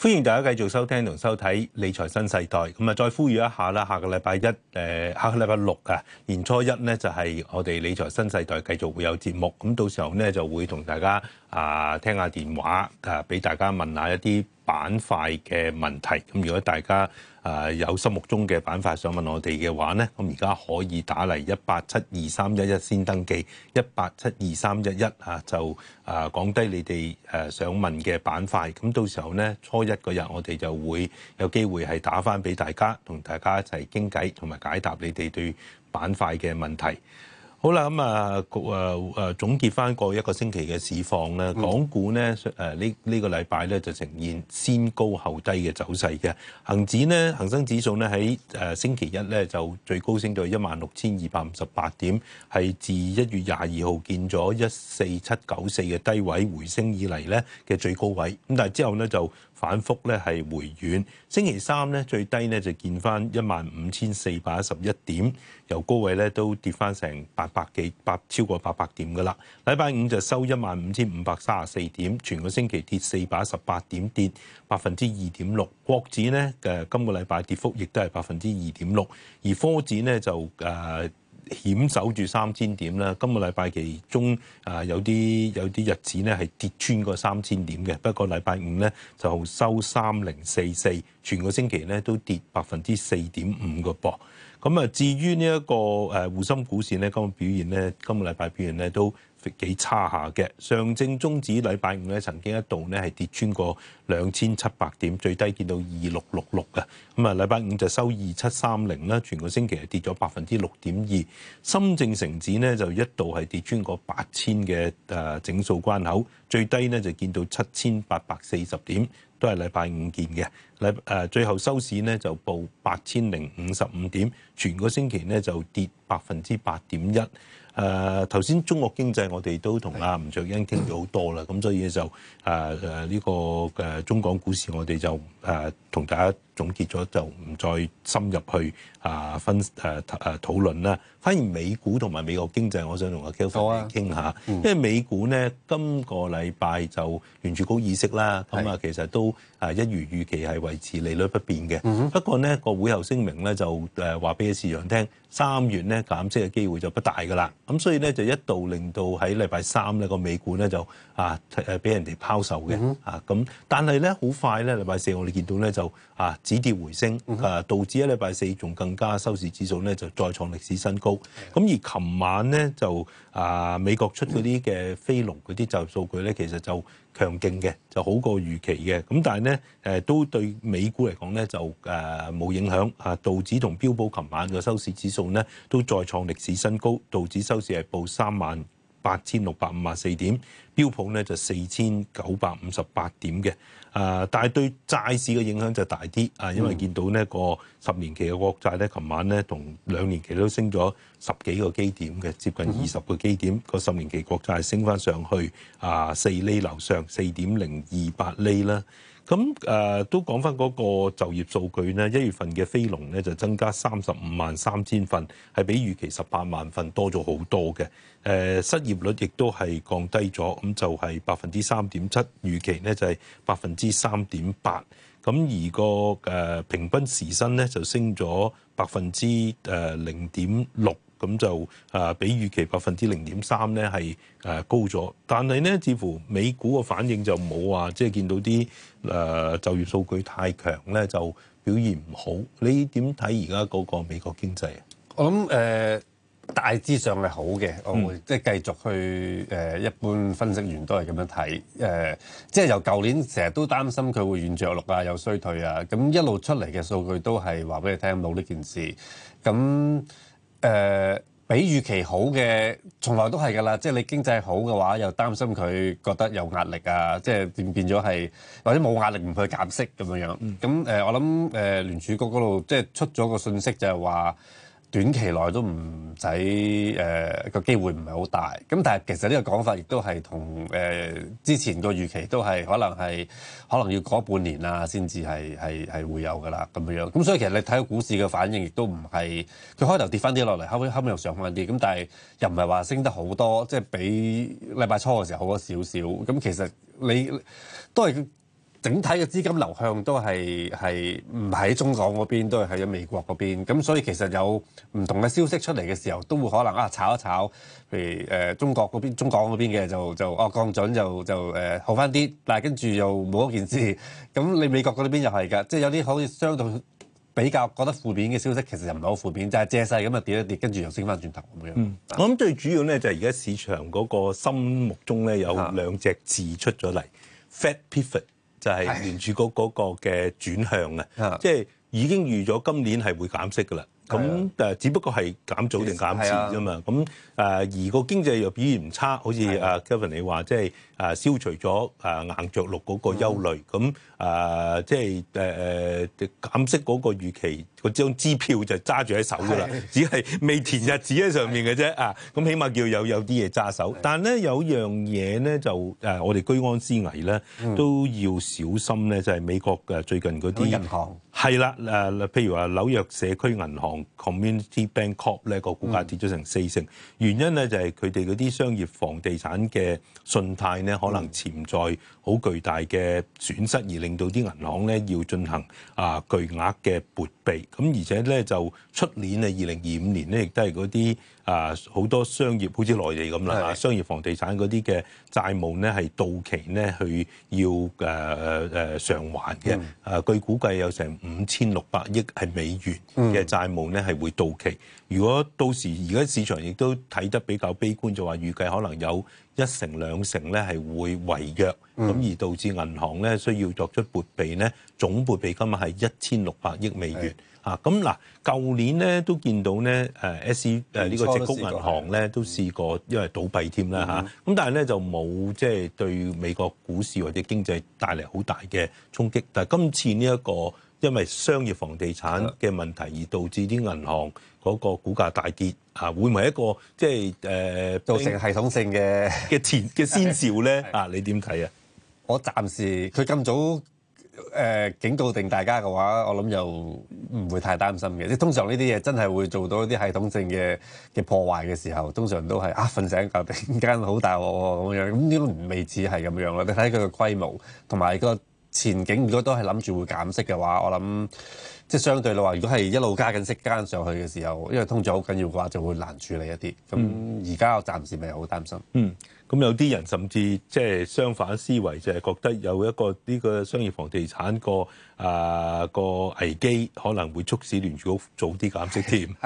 歡迎大家繼續收聽同收睇《理財新世代》。咁啊，再呼籲一下啦！下個禮拜一、誒下個禮拜六啊，年初一咧就係我哋《理財新世代》繼續會有節目。咁到時候咧就會同大家啊聽下電話啊，俾大家問下一啲。板塊嘅問題，咁如果大家啊有心目中嘅板塊想問我哋嘅話呢咁而家可以打嚟一八七二三一一先登記，一八七二三一一啊就啊講低你哋誒想問嘅板塊，咁到時候呢，初一嗰日我哋就會有機會係打翻俾大家，同大家一齊傾偈，同埋解答你哋對板塊嘅問題。好啦，咁啊，誒誒總結翻過一個星期嘅市況啦。港股咧，誒呢呢個禮拜呢，這個、就呈現先高後低嘅走勢嘅，恒指呢，恒生指數呢，喺誒星期一呢，就最高升到一萬六千二百五十八點，係自一月廿二號見咗一四七九四嘅低位回升以嚟呢嘅最高位，咁但係之後呢，就反覆呢，係回軟，星期三呢，最低呢，就見翻一萬五千四百一十一點，由高位呢，都跌翻成八百幾百，超過八百點嘅啦，禮拜五就收一萬五千五百三十四點，全個星期跌四百一十八點，跌百分之二點六。國指咧嘅、呃、今個禮拜跌幅亦都係百分之二點六，而科指咧就誒。呃險守住三千點啦！今個禮拜期其中啊有啲有啲日子咧係跌穿個三千點嘅，不過禮拜五咧就收三零四四，全個星期咧都跌百分之四點五個噃。咁啊，至於呢一個誒滬深股市咧，今日表現咧，今個禮拜表現咧都。幾差下嘅，上證綜指禮拜五咧曾經一度呢係跌穿過兩千七百點，最低見到二六六六嘅咁啊！禮拜五就收二七三零啦，全個星期係跌咗百分之六點二。深證成指呢就一度係跌穿過八千嘅誒整數關口，最低呢就見到七千八百四十點，都係禮拜五見嘅。禮誒最後收市呢就報八千零五十五點，全個星期呢就跌百分之八點一。誒頭先中國經濟我哋都同阿吳卓英傾咗好多啦，咁所以就誒誒呢個誒、呃、中港股市我哋就誒、呃、同大家總結咗就唔再深入去啊分誒誒、啊啊、討論啦。反而美股同埋美國經濟，我想同阿 Kelvin 傾下、啊。因為美股咧今個禮拜就聯儲局議息啦，咁啊其實都啊一如預期係維持利率不變嘅、嗯。不過呢個會後聲明咧就誒話俾市場聽，三月咧減息嘅機會就不大噶啦。咁所以咧就一度令到喺禮拜三咧個美股咧就啊誒俾人哋拋售嘅、嗯、啊咁。但係咧好快咧禮拜四我哋見到咧就啊。止跌回升，啊道指一禮拜四仲更加收市指數咧就再創歷史新高，咁而琴晚咧就啊美國出嗰啲嘅非農嗰啲就數據咧其實就強勁嘅，就好過預期嘅，咁但係咧誒都對美股嚟講咧就誒冇影響，啊道指同標普琴晚嘅收市指數咧都再創歷史新高，道指收市係報三萬八千六百五十四點，標普呢，就四千九百五十八點嘅，啊，但係對債市嘅影響就大啲，啊，因為見到呢個十年期嘅國債呢，琴晚呢同兩年期都升咗十幾個基點嘅，接近二十個基點，個十年期國債升翻上去啊四厘樓上四點零二八厘啦。咁誒都講翻嗰個就業數據呢，一月份嘅非農咧就增加三十五萬三千份，係比預期十八萬份多咗好多嘅。誒、呃、失業率亦都係降低咗，咁就係百分之三點七，預期呢就係百分之三點八。咁而個誒、呃、平均時薪咧就升咗百分之零點六。咁就啊比預期百分之零點三咧係誒高咗，但係咧，似乎美股個反應就冇話，即係見到啲誒就業數據太強咧就表現唔好。你點睇而家嗰個美國經濟啊？我諗誒、呃、大致上係好嘅，我會即係繼續去誒、呃、一般分析員都係咁樣睇誒、呃，即係由舊年成日都擔心佢會軟著陸啊、又衰退啊，咁一路出嚟嘅數據都係話俾你聽到呢件事咁。誒、呃、比預期好嘅，從來都係㗎啦。即係你經濟好嘅話，又擔心佢覺得有壓力啊。即係變變咗係，或者冇壓力唔去減息咁樣樣。咁誒、呃，我諗誒聯儲局嗰度即係出咗個訊息就，就係話。短期內都唔使誒，個機會唔係好大咁，但係其實呢個講法亦都係同誒之前個預期都係可能係可能要過半年啊，先至係係係會有噶啦咁樣。咁所以其實你睇到股市嘅反應，亦都唔係佢開頭跌翻啲落嚟，後尾後尾又上翻啲咁，但係又唔係話升得好多，即係比禮拜初嘅時候好咗少少。咁其實你都係。整體嘅資金流向都係係唔喺中港嗰邊，都係喺美國嗰邊。咁所以其實有唔同嘅消息出嚟嘅時候，都會可能啊炒一炒，譬如誒、呃、中國嗰邊、中港嗰邊嘅就就哦、啊、降準就就誒、呃、好翻啲，但係跟住又冇一件事。咁你美國嗰邊又係㗎，即係有啲好似相對比較覺得負面嘅消息，其實又唔係好負面，是就係借勢咁啊跌一跌，跟住又升翻轉頭咁樣、嗯嗯。我諗最主要咧就係而家市場嗰個心目中咧有兩隻字出咗嚟，Fed pivot。就係聯儲局嗰個嘅轉向係啊，即係已經預咗今年係會減息噶啦，咁只不過係減早定減遲啫嘛，咁啊，而個經濟又表現唔差，好似阿 Kevin 你話即係。啊，消除咗啊硬着陸嗰個憂慮，咁、嗯、啊即係誒、呃、減息嗰個預期，張支票就揸住喺手㗎啦，只係未填日子喺上面嘅啫啊！咁起碼叫有有啲嘢揸手。但係咧有樣嘢咧就誒、啊、我哋居安思危咧、嗯、都要小心咧，就係、是、美國嘅最近嗰啲銀行係啦誒，譬如話紐約社區銀行 Community Bank Corp 咧個股價跌咗成四成，嗯、原因咧就係佢哋嗰啲商業房地產嘅信貸。可能潛在好巨大嘅損失，而令到啲銀行咧要進行啊巨額嘅撥備。咁而且咧就出年啊二零二五年咧，亦都係嗰啲啊好多商業好似內地咁啦，商業房地產嗰啲嘅債務咧係到期咧去要誒誒償還嘅。啊，據估計有成五千六百億係美元嘅債務咧係會到期。如果到時而家市場亦都睇得比較悲觀，就話預計可能有一成兩成咧係會違約，咁、嗯、而導致銀行咧需要作出撥備咧，總撥備今日係一千六百億美元咁嗱。舊、嗯啊、年咧都見到咧，S E 呢個積谷銀行咧都試過因為倒閉添啦咁，但係咧就冇即係對美國股市或者經濟帶嚟好大嘅衝擊，但係今次呢、這、一個。因為商業房地產嘅問題而導致啲銀行嗰個股價大跌，嚇會唔係一個即係誒造成系統性嘅嘅前嘅 先兆咧？啊， 你點睇啊？我暫時佢咁早誒、呃、警告定大家嘅話，我諗又唔會太擔心嘅。即係通常呢啲嘢真係會做到一啲系統性嘅嘅破壞嘅時候，通常都係啊瞓醒一覺，突然間好大鑊喎咁樣。咁呢都唔未至係咁樣咯。你睇佢嘅規模同埋、那個。前景如果都係諗住會減息嘅話，我諗即係相對嚟話，如果係一路加緊息加緊上去嘅時候，因為通脹好緊要嘅話，就會難處理一啲。咁而家我暫時咪好擔心。嗯，咁有啲人甚至即係相反思維，就係覺得有一個呢個商業房地產個啊個危機，可能會促使聯儲局早啲減息添。